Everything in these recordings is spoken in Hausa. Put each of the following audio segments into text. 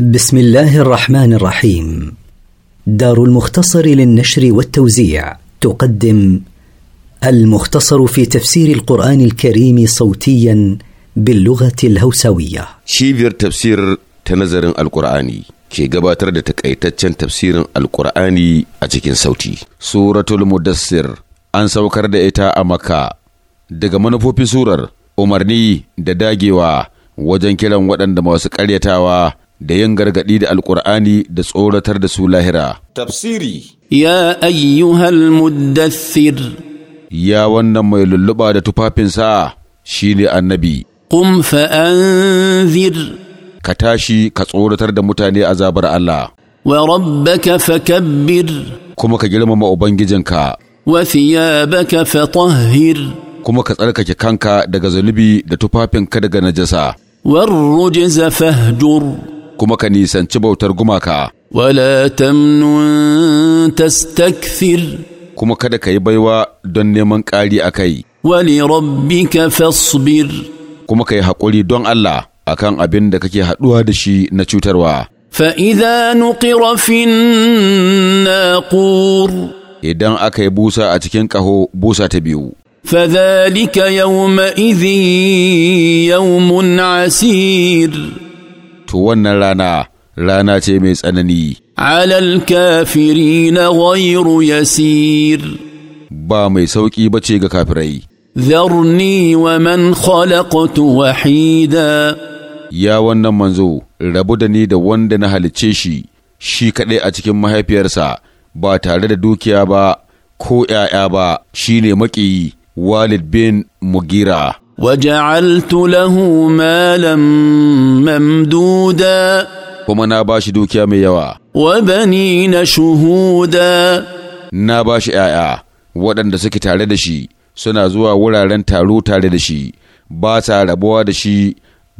بسم الله الرحمن الرحيم دار المختصر للنشر والتوزيع تقدم المختصر في تفسير القرآن الكريم صوتيا باللغة الهوسوية شيفر تفسير تنزر القرآني كي قباتر تفسير القرآني أجيكين صوتي سورة المدسر أن سوكر إتا أمكا دقا منفو في أمرني دا وا وجنكلا وقتا موسك أليتا da yin gargaɗi da alƙur'ani da tsoratar da su lahira. Tafsiri Ya ayyuhal muddathir Ya wannan mai lulluɓa da tufafinsa shi ne annabi. Qum fa'anzir Ka tashi ka tsoratar da mutane azabar Allah. Wa rabbaka fakabbir Kuma ka girmama Ubangijinka. Wa thiyabaka fatahhir Kuma ka tsarkake kanka daga zunubi da tufafinka daga najasa. والرجز fahjur kuma ka nisanci bautar gumaka. Wala tamnu tastakthir kuma kada ka yi baiwa don neman ƙari a kai. Wali rabbika fasbir kuma ka yi haƙuri don Allah akan abin da kake haɗuwa da shi na cutarwa. Fa'iza nuƙira fin naƙur. Idan aka yi busa a cikin ƙaho busa ta biyu. فذلك يومئذ يوم عسير to wannan rana rana ce mai tsanani. Alal kafiri na ghairu yasir. Ba mai sauƙi ba ce ga kafirai. Zarni wa man khalaqtu wahida. Ya wannan manzo, rabu da ni da wanda na halicce shi, shi kaɗai a cikin mahaifiyarsa, ba tare da dukiya ba, ko ‘ya'ya ba, shi ne maƙiyi, Walid bin Mugira. وجعلت له مالا ممدودا kuma na bashi dukiya mai yawa wabani na shuhuda na bashi ‘ya'ya waɗanda suke tare da shi suna zuwa wuraren taro tare da shi ba sa rabuwa da shi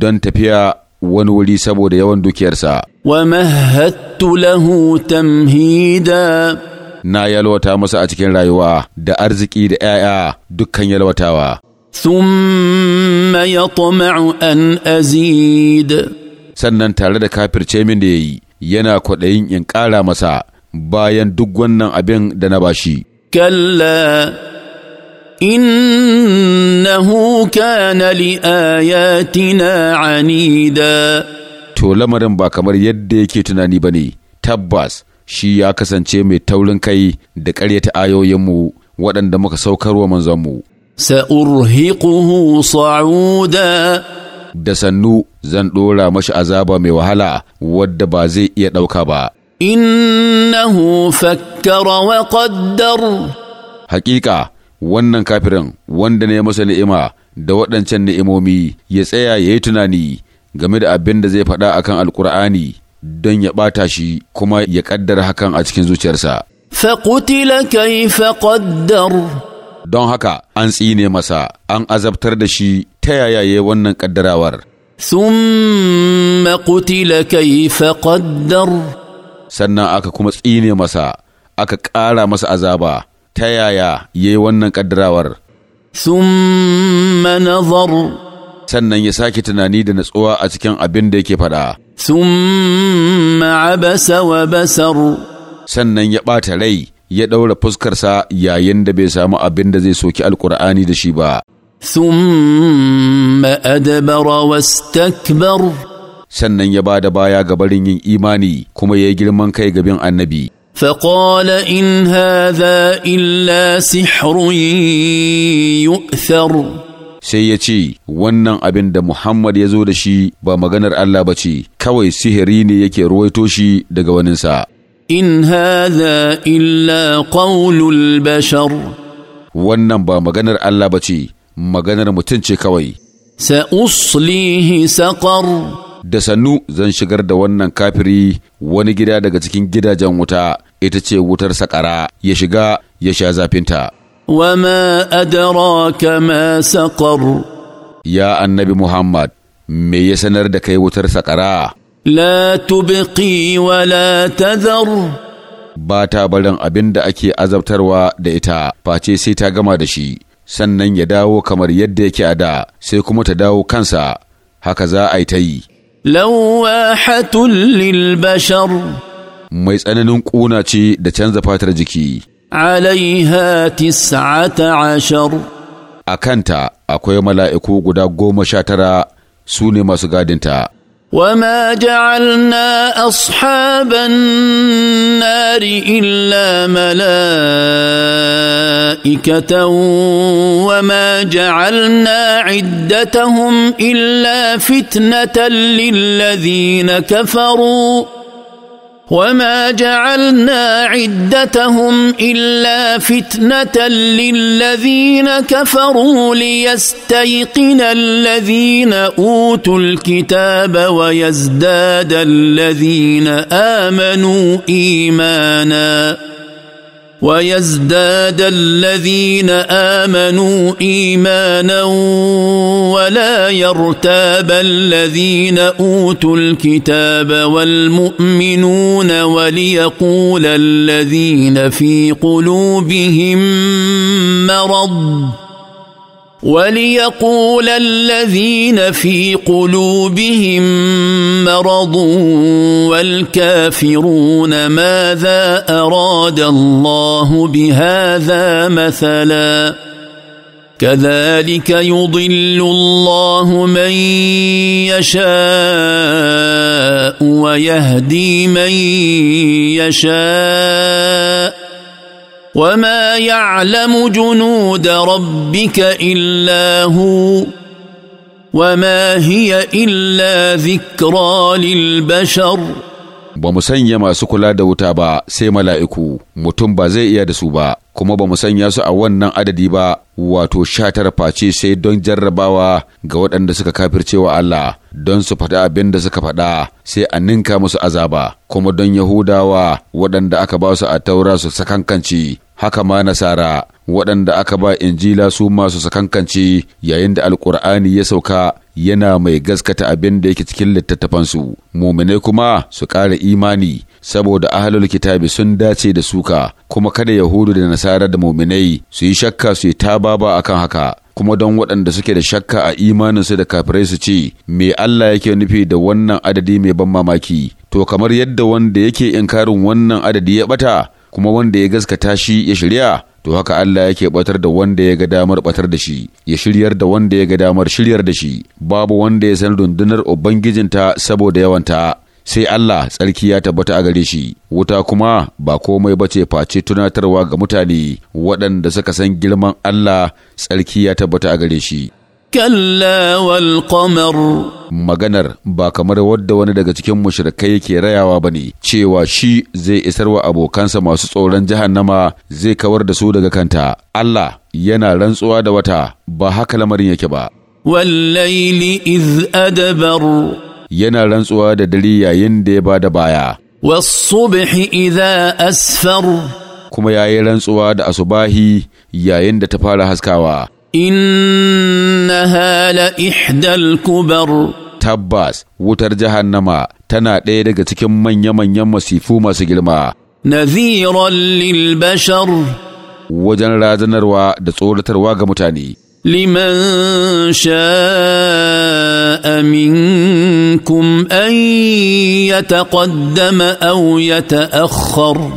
don tafiya wani wuri saboda yawan dukiyarsa wa mahattu lahu tamhida na yalwata masa a cikin rayuwa da arziki da ‘ya'ya dukkan yalwatawa. ثم يطمع أن أزيد sannan tare da kafirce min da ya yi yana kwaɗayin in ƙara masa bayan duk wannan abin da na bashi. Kalla innahu kana li ayatina anida. To lamarin ba kamar yadda yake tunani ba ne, tabbas shi ya kasance mai taurin kai da ƙaryata ayoyinmu waɗanda muka saukarwa manzanmu. سأرهقه صعودا da sannu zan ɗora mashi azaba mai wahala wadda ba zai iya ɗauka ba. Innahu fakkara wa qaddar Hakika wannan kafirin wanda ne masa ni'ima da waɗancan ni'imomi ya tsaya ya yi tunani game da abin da zai faɗa akan alkur'ani don ya ɓata shi kuma ya ƙaddara hakan a cikin zuciyarsa. فقتل كيف قدر don haka an tsine masa an azabtar da shi ta yaya ya wannan ƙaddarawar. ثم قتل كيف قدر sannan aka kuma tsine masa aka ƙara masa azaba ta yaya ya yi wannan ƙaddarawar thumma nazar sannan ya sake tunani da natsuwa a cikin abin da yake faɗa thumma abasa wa basar sannan ya ɓata rai ya ɗaura fuskarsa yayin da bai samu abin da zai soki alkur'ani da shi ba. Thumma adabara wastakbar sannan ya ba da baya ga barin yin imani kuma ya yi girman kai ga bin annabi. فقال إن هذا illa سحر يؤثر sai ya ce wannan abin da Muhammad ya zo da shi ba maganar Allah ba ce kawai sihiri ne yake ruwaito shi daga waninsa. in hadha illa qaulul bashar wannan ba maganar Allah ba ce maganar mutum ce kawai sa uslihi saqar da sannu zan shigar da wannan kafiri wani gida daga cikin gidajen wuta ita ce wutar sakara ya shiga ya sha zafinta wama adraka ma saqar ya annabi muhammad me ya sanar da kai wutar sakara لا تبقي ولا تذر ba ta barin abin da ake azabtarwa da ita face sai ta gama da shi sannan ya dawo kamar yadda yake a da sai kuma ta dawo kansa haka za a yi ta yi lawahatun lil bashar mai tsananin ƙuna ce da canza fatar jiki alaiha tis'ata ashar a kanta akwai mala'iku guda goma sha tara su ne masu gadinta وما جعلنا اصحاب النار الا ملائكه وما جعلنا عدتهم الا فتنه للذين كفروا وما جعلنا عدتهم الا فتنه للذين كفروا ليستيقن الذين اوتوا الكتاب ويزداد الذين امنوا ايمانا ويزداد الذين امنوا ايمانا ولا يرتاب الذين اوتوا الكتاب والمؤمنون وليقول الذين في قلوبهم مرض وليقول الذين في قلوبهم مرض والكافرون ماذا اراد الله بهذا مثلا كذلك يضل الله من يشاء ويهدي من يشاء وما يعلم جنود ربك الا هو وما هي الا ذكرى للبشر ba mu sanya masu kula da wuta ba sai mala'iku mutum ba zai iya da su ba kuma ba mu sanya su a wannan adadi ba wato sha tara face sai don jarrabawa ga waɗanda suka kafircewa Allah don su faɗa abin da suka faɗa sai a ninka musu azaba kuma don Yahudawa waɗanda aka ba su a taura su sakankanci haka ma nasara waɗanda aka ba injila su masu sakankance yayin da alkur'ani ya sauka yana mai gaskata abin da yake cikin littattafansu muminai kuma su ƙara imani saboda ahalul kitabi sun dace da suka kuma kada yahudu da nasara da muminai su yi shakka su yi taba ba akan haka kuma don waɗanda suke da shakka a imaninsu da kafirai su ce me Allah yake nufi da wannan adadi mai ban mamaki to kamar yadda wanda yake inkarin wannan adadi ya bata kuma wanda ya gaskata shi ya shirya to haka Allah yake batar da wanda ya ga damar batar da shi ya shiryar da wanda ya ga damar shiryar da shi babu wanda ya san rundunar ubangijinta saboda yawanta sai Allah tsarki ya tabbata a gare shi wuta kuma ba komai bace face tunatarwa ga mutane waɗanda suka san girman Allah tsarki ya tabbata a gare shi wal والقمر maganar ba kamar wadda wani daga cikin mushrikai yake rayawa ba ne cewa shi zai isar wa abokansa masu tsoron jahannama zai kawar da su daga kanta Allah yana rantsuwa da wata ba haka lamarin yake ba wallaili iz adabar yana rantsuwa da dare yayin da ya ba da baya wasubhi iza asfar kuma yayi rantsuwa da asubahi yayin da ta fara haskawa إنها لإحدى الكبر تباس وتر جهنم تنا ديرك تكم من يم يم سيفو ما سجلما نذيرا للبشر وجن رازن روا دصورة روا متاني لمن شاء منكم أن يتقدم أو يتأخر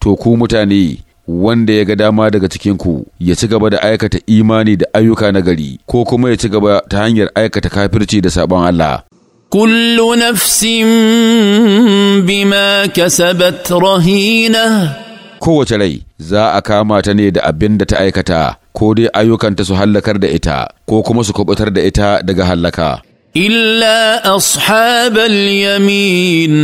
تكو متاني wanda ya ga dama daga cikinku ya ci gaba da aikata imani da ayyuka na gari ko kuma ya ci gaba ta hanyar aikata kafirci da sabon Allah. Kullu nafsin bima kasabat rahina Kowace rai za a kama ta ne da abin da ta aikata ko dai ayyukanta su hallakar da ita ko kuma su kubutar da ita daga hallaka. Illa ashabal yamin.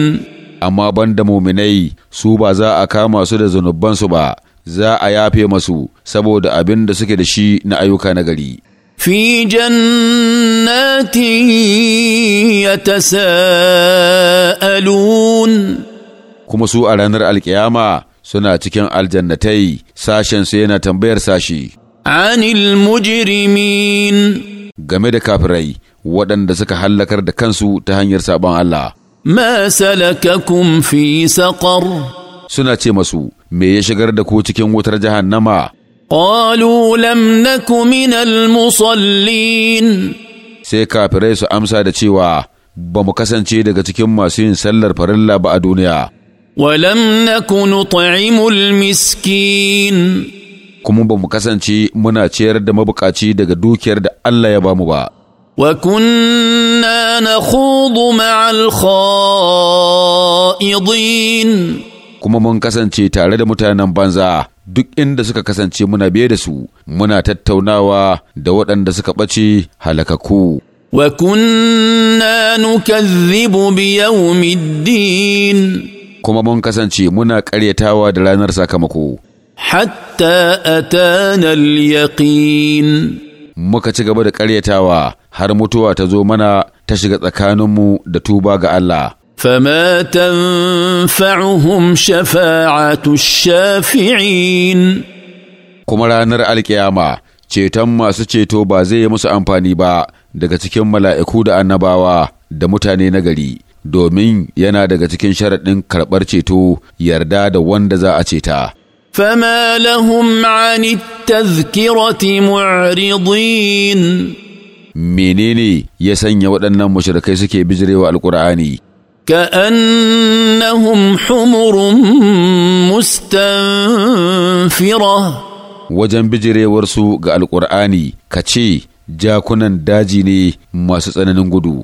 amma ban da muminai su ba za a kama su da zunubansu ba za a yafe masu saboda abin da suke da shi na ayyuka na gari. في جنات يتساءلون kuma su a ranar alkiyama suna cikin aljannatai sashensu yana tambayar sashi anil mujrimin game da kafirai waɗanda suka hallakar da kansu ta hanyar sabon Allah ma salakakum fi saƙar suna ce masu me ya shigar da ku cikin wutar jahannama قالوا لم naku minal المصلين sai kafirai su amsa da cewa ba mu kasance daga cikin masu yin sallar farilla ba a duniya walam نك نطعم miskin. kuma ba mu kasance muna ciyar da mabukaci daga dukiyar da Allah ya bamu ba Wa na نخوض ma'al الخائضين kuma mun kasance tare da mutanen banza duk inda suka kasance muna biye da su muna tattaunawa da waɗanda suka ɓace halakaku. Wa kunna nukazzibu bi yawmiddin kuma mun kasance muna ƙaryatawa da ranar sakamako. Hatta a al-yaqin muka ci gaba da ƙaryatawa har mutuwa ta zo mana ta shiga tsakaninmu da tuba ga Allah. فما تنفعهم شفاعة الشافعين kuma ranar alkiyama ceton masu ceto ba zai yi musu amfani ba daga cikin mala'iku da annabawa da mutane na gari domin yana daga cikin sharaɗin karɓar ceto yarda da wanda za a ceta. Fama لهم عن tazkirati معرضين menene ya sanya waɗannan mushrikai suke bijirewa alkur'ani كأنهم حمر مستنفرة wajen bijirewarsu ga alƙur'ani ka ce jakunan daji ne masu tsananin gudu.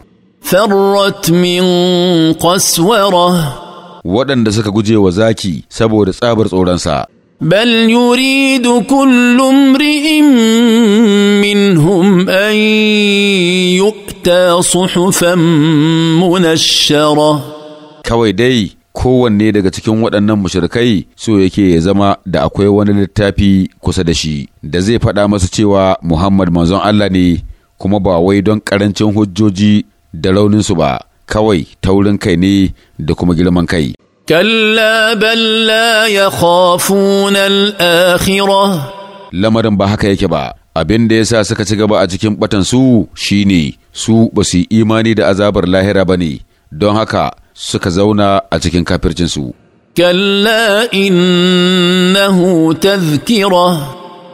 Farrat min qaswara waɗanda suka guje wa zaki saboda tsabar tsoronsa. بل يريد كل امرئ منهم ان يؤتى صحفا منشره kawai dai kowanne daga cikin waɗannan mushrikai so yake ya zama da akwai wani littafi kusa da shi da zai faɗa masa cewa muhammad manzon allah ne kuma ba wai don ƙarancin hujjoji da rauninsu ba kawai taurin kai ne da kuma girman kai كلا بل لا يخافون الآخرة lamarin ba haka yake ba abin da yasa suka ci gaba a cikin batan su shine su basu yi imani da azabar lahira ba ne don haka suka zauna a cikin kafircinsu. su kalla innahu tazkira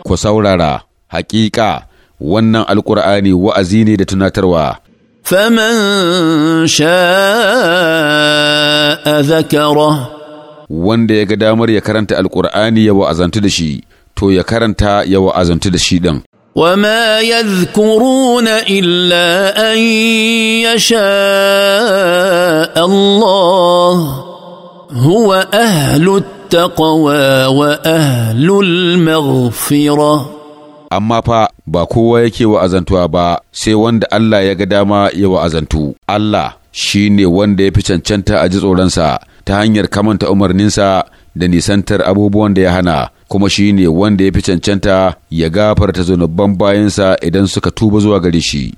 ku saurara hakika wannan Alƙur'ani wa'azi ne da tunatarwa faman sha'a zakara wanda ya ga damar ya karanta alkur'ani ya wa'azantu da shi to ya karanta ya wa'azantu da shi ɗin. وما يذكرون إلا أن يشاء الله هو أهل التقوى وأهل المغفرة amma fa ba kowa yake wa'azantuwa ba sai wanda Allah ya ga dama ya wa'azantu Allah shi ne wanda ya fi cancanta a ji tsoronsa ta hanyar kamanta umarninsa da nisantar abubuwan da ya hana kuma shi ne wanda ya fi cancanta ya gafarta zunuban bayansa idan suka tuba zuwa gare shi